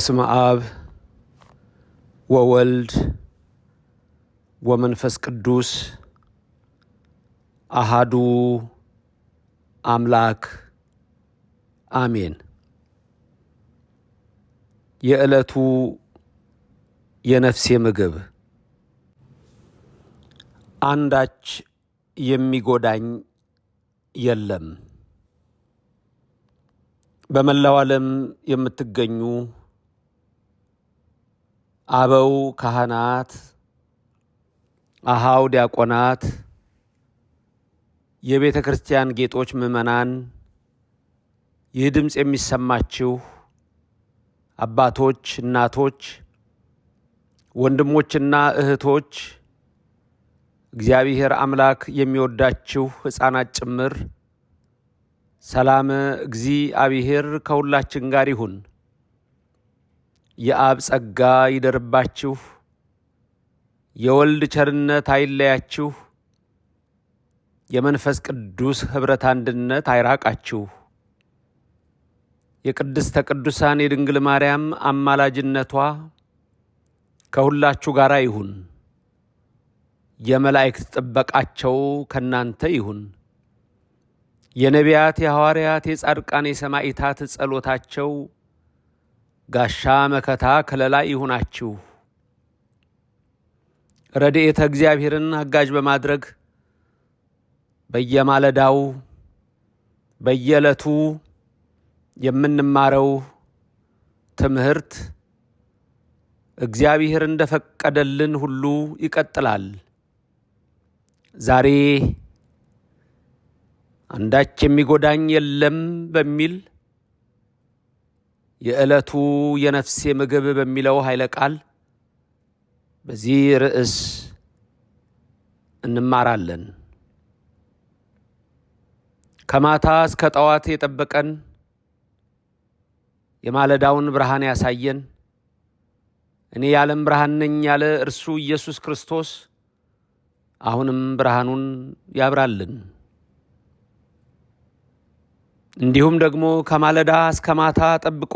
በስመ አብ ወወልድ ወመንፈስ ቅዱስ አሃዱ አምላክ አሜን። የዕለቱ የነፍሴ ምግብ አንዳች የሚጎዳኝ የለም። በመላው ዓለም የምትገኙ አበው ካህናት፣ አሃው ዲያቆናት፣ የቤተ ክርስቲያን ጌጦች ምዕመናን፣ ይህ ድምፅ የሚሰማችሁ አባቶች፣ እናቶች፣ ወንድሞችና እህቶች እግዚአብሔር አምላክ የሚወዳችሁ ሕፃናት ጭምር ሰላም እግዚአብሔር ከሁላችን ጋር ይሁን። የአብ ጸጋ ይደርባችሁ፣ የወልድ ቸርነት አይለያችሁ፣ የመንፈስ ቅዱስ ኅብረት አንድነት አይራቃችሁ። የቅድስተ ቅዱሳን የድንግል ማርያም አማላጅነቷ ከሁላችሁ ጋር ይሁን። የመላእክት ጥበቃቸው ከእናንተ ይሁን። የነቢያት፣ የሐዋርያት፣ የጻድቃን፣ የሰማዕታት ጸሎታቸው ጋሻ መከታ ከለላ ይሁናችሁ። ረድኤተ እግዚአብሔርን አጋዥ በማድረግ በየማለዳው በየዕለቱ የምንማረው ትምህርት እግዚአብሔር እንደፈቀደልን ሁሉ ይቀጥላል። ዛሬ አንዳች የሚጎዳኝ የለም በሚል የዕለቱ የነፍሴ ምግብ በሚለው ኃይለ ቃል በዚህ ርዕስ እንማራለን። ከማታ እስከ ጠዋት የጠበቀን የማለዳውን ብርሃን ያሳየን እኔ የዓለም ብርሃን ነኝ ያለ እርሱ ኢየሱስ ክርስቶስ አሁንም ብርሃኑን ያብራልን። እንዲሁም ደግሞ ከማለዳ እስከ ማታ ጠብቆ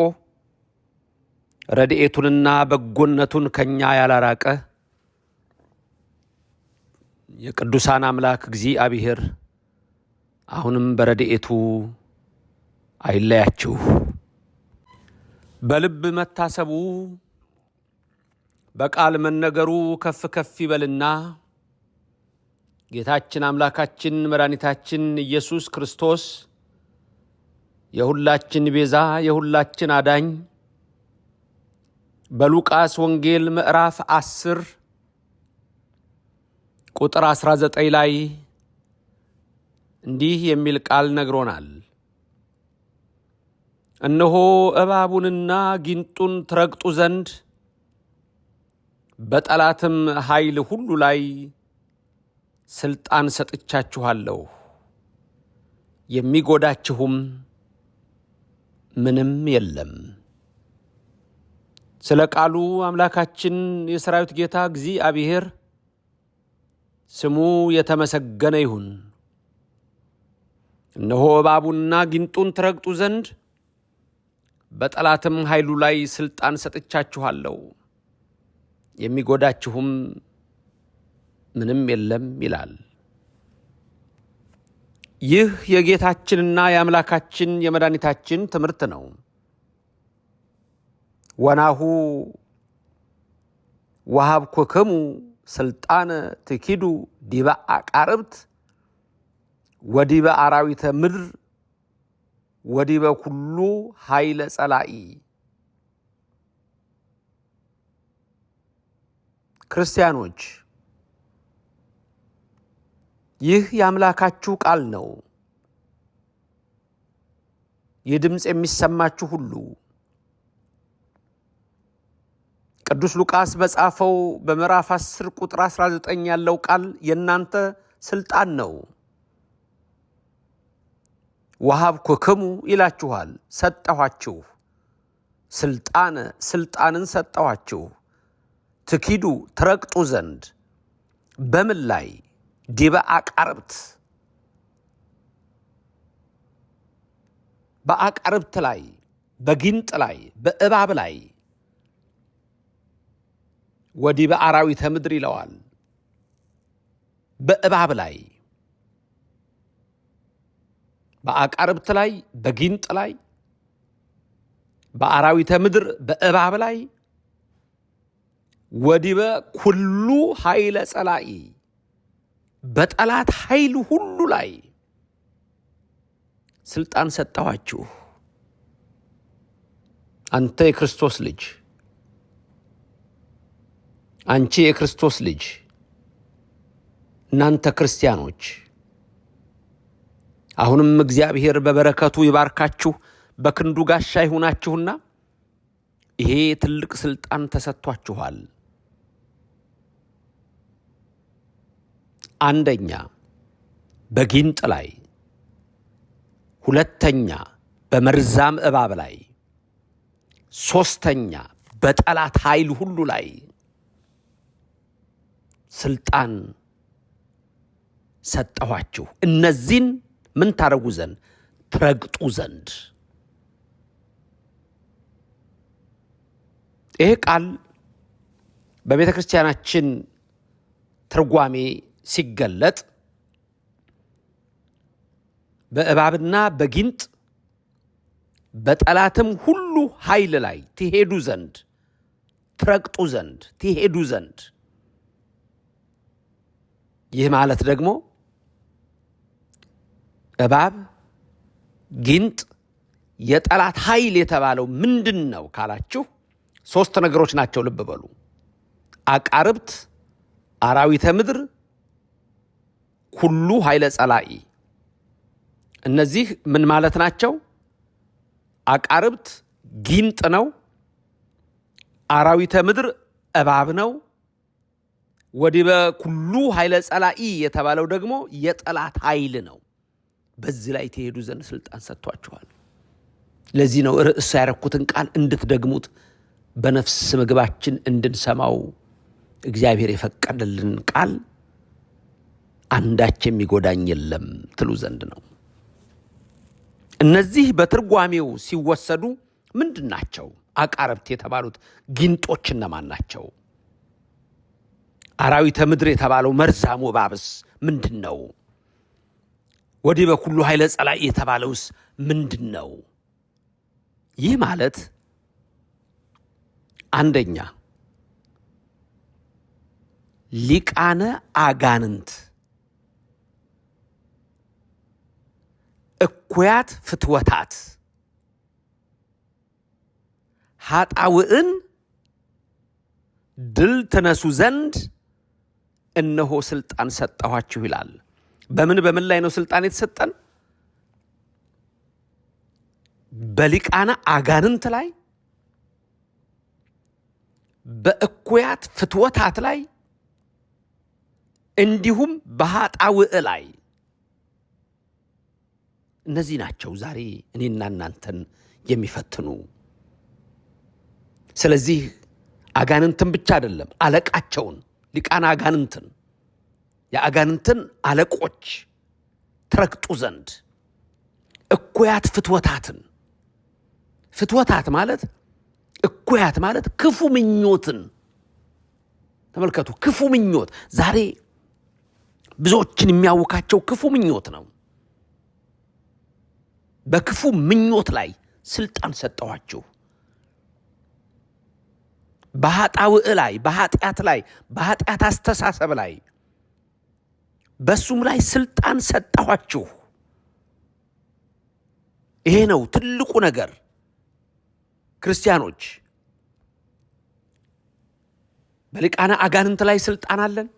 ረድኤቱንና በጎነቱን ከእኛ ያላራቀ የቅዱሳን አምላክ እግዚአብሔር አሁንም በረድኤቱ አይለያችሁ። በልብ መታሰቡ በቃል መነገሩ ከፍ ከፍ ይበልና ጌታችን አምላካችን መድኃኒታችን ኢየሱስ ክርስቶስ የሁላችን ቤዛ የሁላችን አዳኝ በሉቃስ ወንጌል ምዕራፍ 10 ቁጥር 19 ላይ እንዲህ የሚል ቃል ነግሮናል። እነሆ እባቡንና ጊንጡን ትረግጡ ዘንድ በጠላትም ኃይል ሁሉ ላይ ስልጣን ሰጥቻችኋለሁ፣ የሚጎዳችሁም ምንም የለም። ስለ ቃሉ አምላካችን የሰራዊት ጌታ እግዚአብሔር ስሙ የተመሰገነ ይሁን። እነሆ እባቡና ጊንጡን ትረግጡ ዘንድ በጠላትም ኃይሉ ላይ ሥልጣን ሰጥቻችኋለሁ፣ የሚጎዳችሁም ምንም የለም ይላል። ይህ የጌታችንና የአምላካችን የመድኃኒታችን ትምህርት ነው። ወናሁ ወሀብኩክሙ ስልጣነ ትኪዱ ዲበ አቃርብት ወዲበ አራዊተ ምድር ወዲበ ኩሉ ኃይለ ጸላኢ። ክርስቲያኖች ይህ የአምላካችሁ ቃል ነው። ይህ ድምፅ የሚሰማችሁ ሁሉ ቅዱስ ሉቃስ በጻፈው በምዕራፍ 10 ቁጥር 19 ያለው ቃል የእናንተ ስልጣን ነው። ኩክሙ ይላችኋል፣ ሰጠኋችሁ። ስልጣን ስልጣንን ሰጠኋችሁ፣ ትኪዱ ትረግጡ ዘንድ በምን ላይ ዲበ አቃርብት በአቃርብት ላይ በጊንጥ ላይ በእባብ ላይ ወዲበ አራዊተ ምድር ይለዋል። በእባብ ላይ በአቃርብት ላይ በጊንጥ ላይ በአራዊተ ምድር በእባብ ላይ ወዲበ ኩሉ ኃይለ ጸላኢ በጠላት ኃይል ሁሉ ላይ ስልጣን ሰጠኋችሁ። አንተ የክርስቶስ ልጅ፣ አንቺ የክርስቶስ ልጅ፣ እናንተ ክርስቲያኖች አሁንም እግዚአብሔር በበረከቱ ይባርካችሁ፣ በክንዱ ጋሻ ይሁናችሁና ይሄ ትልቅ ስልጣን ተሰጥቷችኋል። አንደኛ በጊንጥ ላይ፣ ሁለተኛ በመርዛም እባብ ላይ፣ ሶስተኛ በጠላት ኃይል ሁሉ ላይ ስልጣን ሰጠኋችሁ። እነዚህን ምን ታረጉ ዘንድ ትረግጡ ዘንድ። ይሄ ቃል በቤተ ክርስቲያናችን ትርጓሜ ሲገለጥ በእባብና በጊንጥ በጠላትም ሁሉ ኃይል ላይ ትሄዱ ዘንድ ትረግጡ ዘንድ ትሄዱ ዘንድ። ይህ ማለት ደግሞ እባብ፣ ጊንጥ፣ የጠላት ኃይል የተባለው ምንድን ነው ካላችሁ ሶስት ነገሮች ናቸው። ልብ በሉ። አቃርብት፣ አራዊተ ምድር ኩሉ ኃይለ ጸላኢ እነዚህ ምን ማለት ናቸው? አቃርብት ጊንጥ ነው። አራዊተ ምድር እባብ ነው። ወዲበ ኩሉ ኃይለ ጸላኢ የተባለው ደግሞ የጠላት ኃይል ነው። በዚህ ላይ የተሄዱ ዘንድ ስልጣን ሰጥቷቸዋል። ለዚህ ነው ርዕስ ያረኩትን ቃል እንድትደግሙት በነፍስ ምግባችን እንድንሰማው እግዚአብሔር የፈቀደልን ቃል አንዳች የሚጎዳኝ የለም ትሉ ዘንድ ነው። እነዚህ በትርጓሜው ሲወሰዱ ምንድን ናቸው? አቃረብት የተባሉት ጊንጦች እነማን ናቸው? አራዊተ ምድር የተባለው መርዛሙ እባብስ ምንድን ነው? ወዲህ በኩሉ ኃይለ ጸላኢ የተባለውስ ምንድን ነው? ይህ ማለት አንደኛ ሊቃነ አጋንንት እኩያት ፍትወታት ኃጣውዕን ድል ትነሱ ዘንድ እነሆ ስልጣን ሰጠኋችሁ ይላል። በምን በምን ላይ ነው ስልጣን የተሰጠን? በሊቃነ አጋንንት ላይ፣ በእኩያት ፍትወታት ላይ እንዲሁም በኃጣውዕ ላይ እነዚህ ናቸው ዛሬ እኔና እናንተን የሚፈትኑ። ስለዚህ አጋንንትን ብቻ አይደለም አለቃቸውን ሊቃና አጋንንትን የአጋንንትን አለቆች ትረግጡ ዘንድ እኩያት ፍትወታትን ፍትወታት ማለት እኩያት ማለት ክፉ ምኞትን ተመልከቱ። ክፉ ምኞት ዛሬ ብዙዎችን የሚያውካቸው ክፉ ምኞት ነው። በክፉ ምኞት ላይ ስልጣን ሰጠኋችሁ። በኃጣውእ ላይ በኃጢአት ላይ በኃጢአት አስተሳሰብ ላይ በሱም ላይ ስልጣን ሰጠኋችሁ። ይሄ ነው ትልቁ ነገር ክርስቲያኖች። በልቃነ አጋንንት ላይ ስልጣን አለን።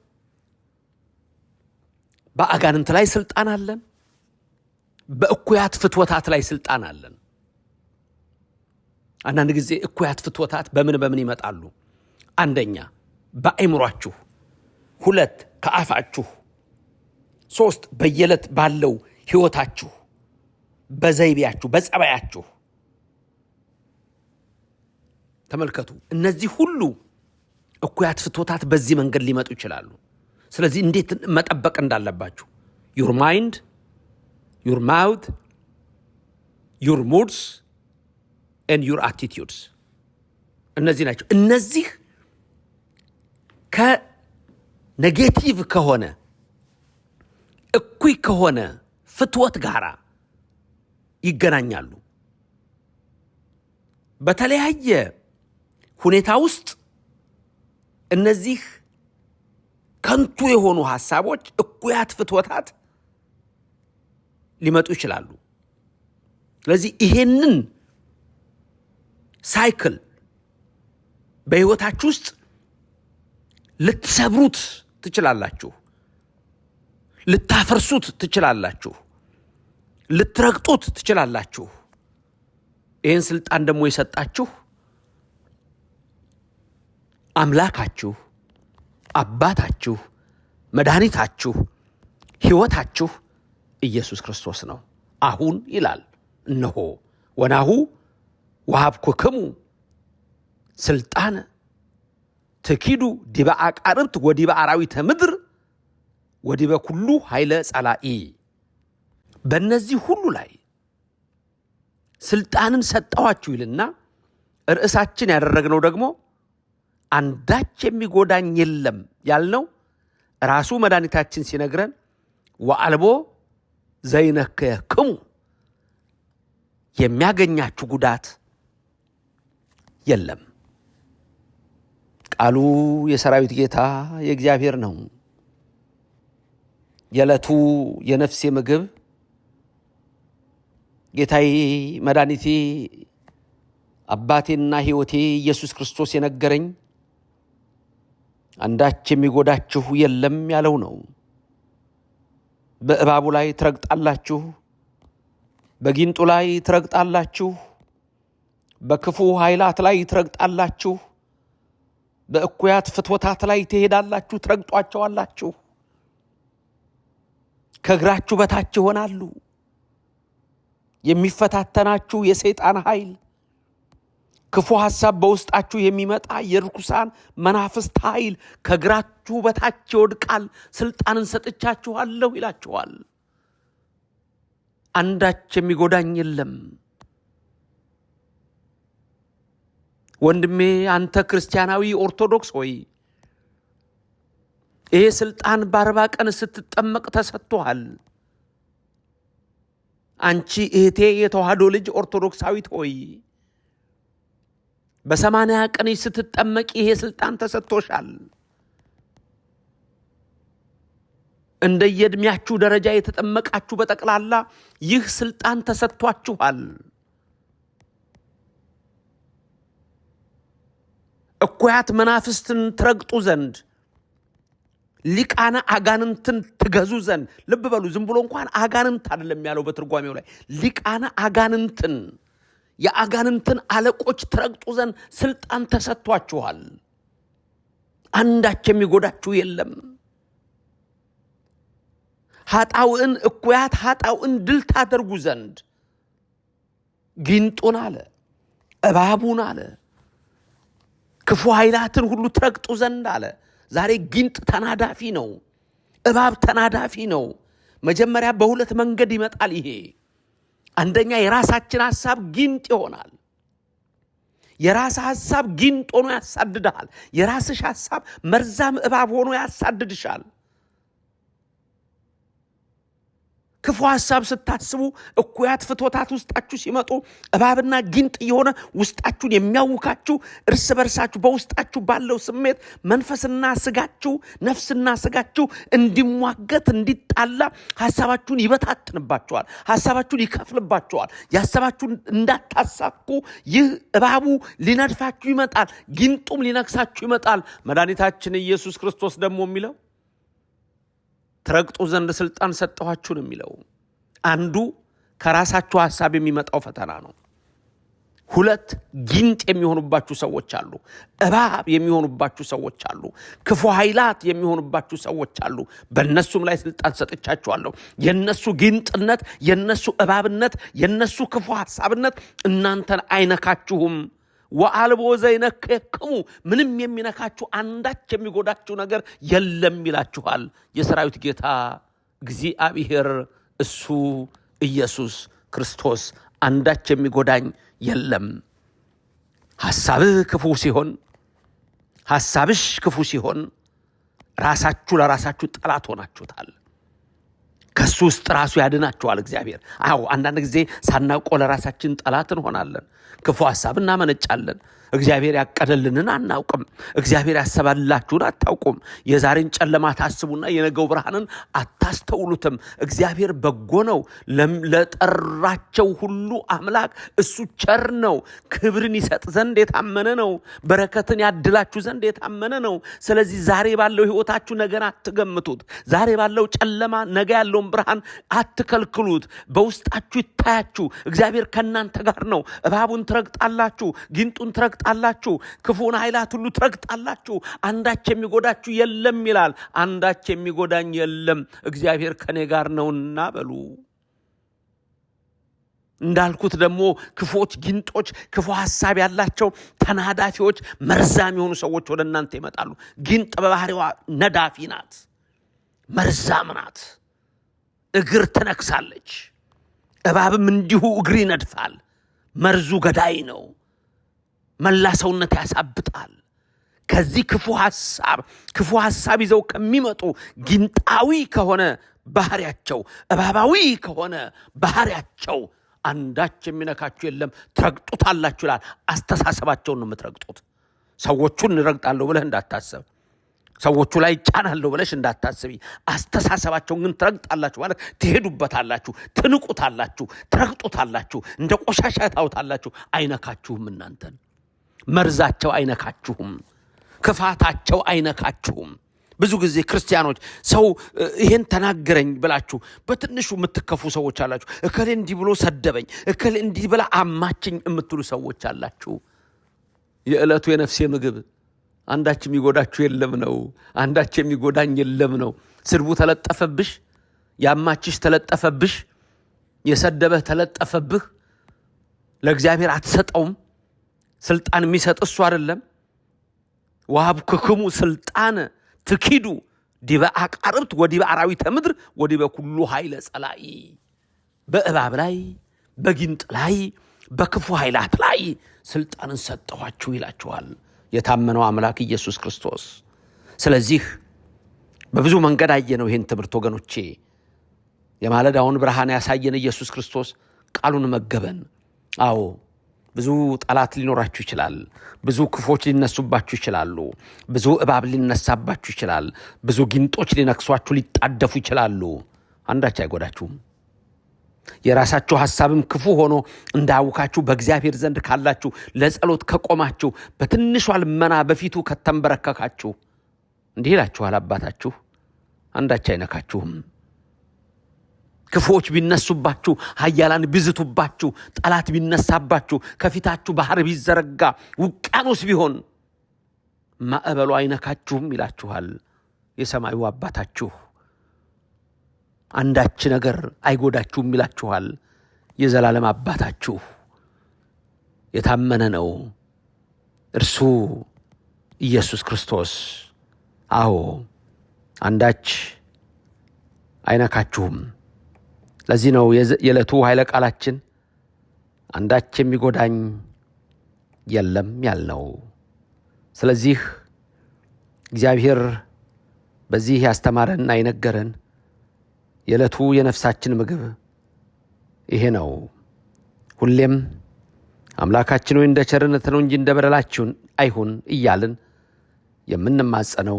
በአጋንንት ላይ ስልጣን አለን። በእኩያት ፍትወታት ላይ ስልጣን አለን። አንዳንድ ጊዜ እኩያት ፍትወታት በምን በምን ይመጣሉ? አንደኛ በአይምሯችሁ ሁለት ከአፋችሁ፣ ሶስት በየዕለት ባለው ህይወታችሁ፣ በዘይቤያችሁ፣ በጸባያችሁ። ተመልከቱ፣ እነዚህ ሁሉ እኩያት ፍትወታት በዚህ መንገድ ሊመጡ ይችላሉ። ስለዚህ እንዴት መጠበቅ እንዳለባችሁ ዩር ማይንድ your mouth, your moods and your attitudes እነዚህ ናቸው። እነዚህ ከኔጌቲቭ ከሆነ እኩይ ከሆነ ፍትወት ጋራ ይገናኛሉ። በተለያየ ሁኔታ ውስጥ እነዚህ ከንቱ የሆኑ ሀሳቦች እኩያት ፍትወታት ሊመጡ ይችላሉ። ስለዚህ ይሄንን ሳይክል በህይወታችሁ ውስጥ ልትሰብሩት ትችላላችሁ፣ ልታፈርሱት ትችላላችሁ፣ ልትረግጡት ትችላላችሁ። ይህን ስልጣን ደግሞ የሰጣችሁ አምላካችሁ፣ አባታችሁ፣ መድኃኒታችሁ፣ ህይወታችሁ? ኢየሱስ ክርስቶስ ነው። አሁን ይላል እነሆ ወናሁ ወሀብኩክሙ ስልጣነ ትኪዱ ዲበ አቃርብት ወዲበ አራዊተ ምድር ወዲበ ኩሉ ኃይለ ጸላኢ በእነዚህ ሁሉ ላይ ስልጣንን ሰጠኋችሁ ይልና ርዕሳችን ያደረግነው ደግሞ አንዳች የሚጎዳኝ የለም ያልነው ራሱ መድኃኒታችን ሲነግረን ወአልቦ ዘይነከ ክሙ የሚያገኛችሁ ጉዳት የለም። ቃሉ የሰራዊት ጌታ የእግዚአብሔር ነው። የዕለቱ የነፍሴ ምግብ ጌታዬ መድኃኒቴ አባቴና ሕይወቴ ኢየሱስ ክርስቶስ የነገረኝ አንዳች የሚጎዳችሁ የለም ያለው ነው። በእባቡ ላይ ትረግጣላችሁ፣ በጊንጡ ላይ ትረግጣላችሁ፣ በክፉ ኃይላት ላይ ትረግጣላችሁ፣ በእኩያት ፍትወታት ላይ ትሄዳላችሁ፣ ትረግጧቸዋላችሁ። ከእግራችሁ በታች ይሆናሉ። የሚፈታተናችሁ የሰይጣን ኃይል ክፉ ሐሳብ በውስጣችሁ የሚመጣ የርኩሳን መናፍስት ኃይል ከእግራችሁ በታች ይወድቃል፣ ስልጣንን ሰጥቻችኋለሁ ይላችኋል። አንዳች የሚጎዳኝ የለም። ወንድሜ አንተ ክርስቲያናዊ ኦርቶዶክስ ሆይ ይሄ ስልጣን በአርባ ቀን ስትጠመቅ ተሰጥቶሃል። አንቺ እህቴ የተዋህዶ ልጅ ኦርቶዶክሳዊት ሆይ በሰማንያ ቀን ስትጠመቅ ይሄ ስልጣን ተሰጥቶሻል። እንደ ደረጃ የተጠመቃችሁ በጠቅላላ ይህ ስልጣን ተሰጥቷችኋል። እኩያት መናፍስትን ትረግጡ ዘንድ ሊቃነ አጋንንትን ትገዙ ዘንድ ልብ በሉ። ዝም ብሎ እንኳን አጋንንት አይደለም ያለው በትርጓሜው ላይ ሊቃነ አጋንንትን የአጋንንትን አለቆች ትረግጡ ዘንድ ስልጣን ተሰጥቷችኋል። አንዳች የሚጎዳችሁ የለም። ሀጣውን እኩያት ሀጣውን ድል ታደርጉ ዘንድ ጊንጡን አለ እባቡን አለ ክፉ ኃይላትን ሁሉ ትረግጡ ዘንድ አለ። ዛሬ ጊንጥ ተናዳፊ ነው። እባብ ተናዳፊ ነው። መጀመሪያ በሁለት መንገድ ይመጣል ይሄ አንደኛ የራሳችን ሀሳብ ጊንጥ ይሆናል። የራስ ሀሳብ ጊንጥ ሆኖ ያሳድድሃል። የራስሽ ሀሳብ መርዛም እባብ ሆኖ ያሳድድሻል። ክፉ ሀሳብ ስታስቡ፣ እኩያት ፍቶታት ውስጣችሁ ሲመጡ እባብና ጊንጥ የሆነ ውስጣችሁን የሚያውካችሁ እርስ በርሳችሁ በውስጣችሁ ባለው ስሜት መንፈስና ስጋችሁ ነፍስና ስጋችሁ እንዲሟገት እንዲጣላ ሀሳባችሁን ይበታትንባችኋል። ሀሳባችሁን ይከፍልባችኋል። የሀሳባችሁን እንዳታሳኩ ይህ እባቡ ሊነድፋችሁ ይመጣል። ጊንጡም ሊነክሳችሁ ይመጣል። መድኃኒታችን ኢየሱስ ክርስቶስ ደግሞ የሚለው ትረግጡ ዘንድ ስልጣን ሰጠኋችሁ ነው የሚለው። አንዱ ከራሳችሁ ሀሳብ የሚመጣው ፈተና ነው። ሁለት ጊንጥ የሚሆኑባችሁ ሰዎች አሉ። እባብ የሚሆኑባችሁ ሰዎች አሉ። ክፉ ኃይላት የሚሆኑባችሁ ሰዎች አሉ። በእነሱም ላይ ስልጣን ሰጥቻችኋለሁ። የነሱ ጊንጥነት፣ የነሱ እባብነት፣ የነሱ ክፉ ሀሳብነት እናንተን አይነካችሁም ወአልቦ ዘይነክክሙ ምንም የሚነካችሁ አንዳች የሚጎዳችሁ ነገር የለም ይላችኋል የሰራዊት ጌታ እግዚአብሔር እሱ ኢየሱስ ክርስቶስ። አንዳች የሚጎዳኝ የለም። ሐሳብህ ክፉ ሲሆን፣ ሐሳብሽ ክፉ ሲሆን፣ ራሳችሁ ለራሳችሁ ጠላት ሆናችሁታል። ከሱ ውስጥ ራሱ ያድናቸዋል እግዚአብሔር። አዎ አንዳንድ ጊዜ ሳናውቆ ለራሳችን ጠላት እንሆናለን፣ ክፉ ሀሳብ እናመነጫለን። እግዚአብሔር ያቀደልንን አናውቅም። እግዚአብሔር ያሰባላችሁን አታውቁም። የዛሬን ጨለማ ታስቡና የነገው ብርሃንን አታስተውሉትም። እግዚአብሔር በጎ ነው። ለጠራቸው ሁሉ አምላክ እሱ ቸር ነው። ክብርን ይሰጥ ዘንድ የታመነ ነው። በረከትን ያድላችሁ ዘንድ የታመነ ነው። ስለዚህ ዛሬ ባለው ህይወታችሁ ነገን አትገምቱት። ዛሬ ባለው ጨለማ ነገ ያለውን ብርሃን አትከልክሉት። በውስጣችሁ ይታያችሁ። እግዚአብሔር ከእናንተ ጋር ነው። እባቡን ትረግጣላችሁ፣ ጊንጡን ትረግጣ ትረግጣላችሁ፣ ክፉን ኃይላት ሁሉ ትረግጣላችሁ፣ አንዳች የሚጎዳችሁ የለም ይላል። አንዳች የሚጎዳኝ የለም እግዚአብሔር ከኔ ጋር ነውና በሉ። እንዳልኩት ደግሞ ክፉዎች፣ ጊንጦች፣ ክፉ ሀሳብ ያላቸው ተናዳፊዎች፣ መርዛም የሆኑ ሰዎች ወደ እናንተ ይመጣሉ። ጊንጥ በባህሪዋ ነዳፊ ናት፣ መርዛም ናት። እግር ትነክሳለች። እባብም እንዲሁ እግር ይነድፋል። መርዙ ገዳይ ነው። መላ ሰውነት ያሳብጣል። ከዚህ ክፉ ሐሳብ ክፉ ሐሳብ ይዘው ከሚመጡ ጊንጣዊ ከሆነ ባህሪያቸው፣ እባባዊ ከሆነ ባህሪያቸው አንዳች የሚነካችሁ የለም ትረግጡታላችሁ ይላል። አስተሳሰባቸውን ነው የምትረግጡት። ሰዎቹን እንረግጣለሁ ብለህ እንዳታሰብ፣ ሰዎቹ ላይ ይጫናለሁ ብለሽ እንዳታስቢ። አስተሳሰባቸውን ግን ትረግጣላችሁ ማለት ትሄዱበታላችሁ፣ ትንቁታላችሁ፣ ትረግጡታላችሁ፣ እንደ ቆሻሻ ታውታላችሁ። አይነካችሁም እናንተን መርዛቸው አይነካችሁም፣ ክፋታቸው አይነካችሁም። ብዙ ጊዜ ክርስቲያኖች ሰው ይሄን ተናገረኝ ብላችሁ በትንሹ የምትከፉ ሰዎች አላችሁ። እከሌ እንዲህ ብሎ ሰደበኝ፣ እከሌ እንዲህ ብላ አማችኝ የምትሉ ሰዎች አላችሁ። የዕለቱ የነፍሴ ምግብ አንዳች የሚጎዳችሁ የለም ነው። አንዳች የሚጎዳኝ የለም ነው። ስድቡ ተለጠፈብሽ፣ ያማችሽ ተለጠፈብሽ፣ የሰደበህ ተለጠፈብህ። ለእግዚአብሔር አትሰጠውም። ስልጣን የሚሰጥ እሱ አይደለም? ክክሙ ስልጣን ትኪዱ ዲበ አቃርብት ወዲበ አራዊተ ምድር ወዲበ ኩሉ ኃይለ ጸላኢ። በእባብ ላይ በጊንጥ ላይ በክፉ ኃይላት ላይ ስልጣንን ሰጠኋችሁ ይላችኋል የታመነው አምላክ ኢየሱስ ክርስቶስ። ስለዚህ በብዙ መንገድ አየነው ይህን ትምህርት ወገኖቼ። የማለዳውን ብርሃን ያሳየን ኢየሱስ ክርስቶስ ቃሉን መገበን። አዎ ብዙ ጠላት ሊኖራችሁ ይችላል። ብዙ ክፎች ሊነሱባችሁ ይችላሉ። ብዙ እባብ ሊነሳባችሁ ይችላል። ብዙ ጊንጦች ሊነክሷችሁ፣ ሊጣደፉ ይችላሉ። አንዳች አይጎዳችሁም። የራሳችሁ ሐሳብም ክፉ ሆኖ እንዳያውካችሁ በእግዚአብሔር ዘንድ ካላችሁ፣ ለጸሎት ከቆማችሁ፣ በትንሿ ልመና በፊቱ ከተንበረከካችሁ፣ እንዲህ ይላችኋል አባታችሁ አንዳች አይነካችሁም። ክፉዎች ቢነሱባችሁ፣ ኃያላን ቢዝቱባችሁ፣ ጠላት ቢነሳባችሁ፣ ከፊታችሁ ባህር ቢዘረጋ፣ ውቅያኖስ ቢሆን ማዕበሉ አይነካችሁም ይላችኋል የሰማዩ አባታችሁ። አንዳች ነገር አይጎዳችሁም ይላችኋል የዘላለም አባታችሁ። የታመነ ነው እርሱ ኢየሱስ ክርስቶስ። አዎ አንዳች አይነካችሁም። ለዚህ ነው የዕለቱ ኃይለ ቃላችን አንዳች የሚጎዳኝ የለም ያልነው። ስለዚህ እግዚአብሔር በዚህ ያስተማረን አይነገረን የዕለቱ የነፍሳችን ምግብ ይሄ ነው። ሁሌም አምላካችን ወይ እንደ ቸርነት ነው እንጂ እንደ በደላችሁን አይሁን እያልን የምንማጸነው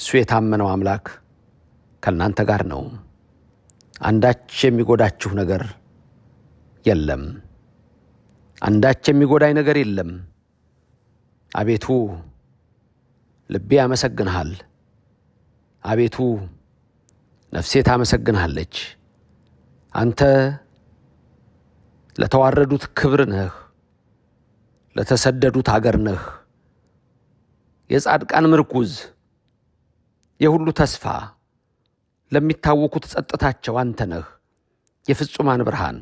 እሱ የታመነው አምላክ ከእናንተ ጋር ነው። አንዳች የሚጎዳችሁ ነገር የለም፣ አንዳች የሚጎዳኝ ነገር የለም። አቤቱ ልቤ ያመሰግንሃል፣ አቤቱ ነፍሴ ታመሰግንሃለች። አንተ ለተዋረዱት ክብር ነህ፣ ለተሰደዱት አገር ነህ። የጻድቃን ምርኩዝ፣ የሁሉ ተስፋ ለሚታወኩት ጸጥታቸው አንተ ነህ፣ የፍጹማን ብርሃን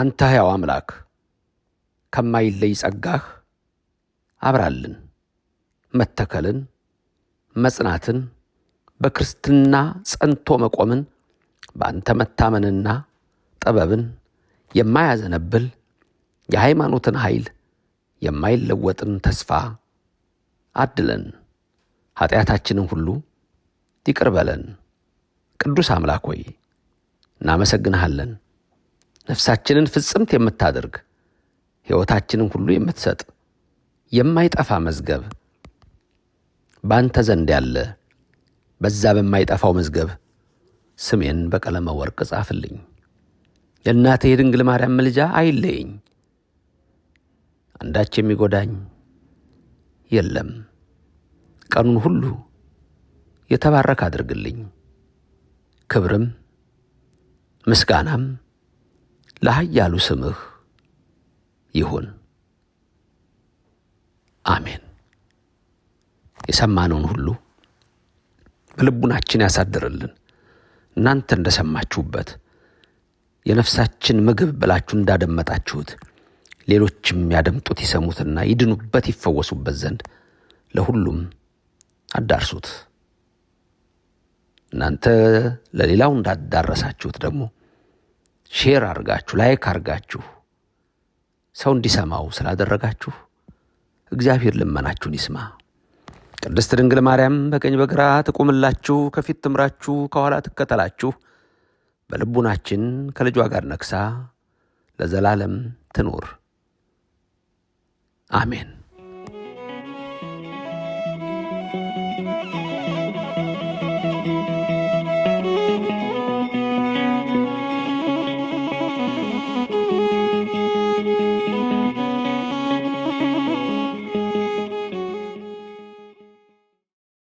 አንተ ሕያው አምላክ ከማይለይ ጸጋህ አብራልን መተከልን መጽናትን በክርስትና ጸንቶ መቆምን በአንተ መታመንና ጥበብን የማያዘነብል የሃይማኖትን ኃይል የማይለወጥን ተስፋ አድለን ኃጢአታችንን ሁሉ ይቅር በለን ቅዱስ አምላክ ሆይ እናመሰግንሃለን። ነፍሳችንን ፍጽምት የምታደርግ ሕይወታችንን ሁሉ የምትሰጥ የማይጠፋ መዝገብ በአንተ ዘንድ ያለ በዛ በማይጠፋው መዝገብ ስሜን በቀለመ ወርቅ ጻፍልኝ። የእናትህ የድንግል ማርያም ምልጃ አይለየኝ። አንዳች የሚጎዳኝ የለም። ቀኑን ሁሉ የተባረከ አድርግልኝ። ክብርም ምስጋናም ለኃያሉ ስምህ ይሁን። አሜን። የሰማነውን ሁሉ በልቡናችን ያሳድርልን። እናንተ እንደሰማችሁበት የነፍሳችን ምግብ ብላችሁ እንዳደመጣችሁት ሌሎችም ያደምጡት፣ ይሰሙትና ይድኑበት፣ ይፈወሱበት ዘንድ ለሁሉም አዳርሱት። እናንተ ለሌላው እንዳዳረሳችሁት ደግሞ ሼር አርጋችሁ ላይክ አርጋችሁ ሰው እንዲሰማው ስላደረጋችሁ እግዚአብሔር ልመናችሁን ይስማ። ቅድስት ድንግል ማርያም በቀኝ በግራ ትቁምላችሁ፣ ከፊት ትምራችሁ፣ ከኋላ ትከተላችሁ። በልቡናችን ከልጇ ጋር ነግሳ ለዘላለም ትኑር። አሜን።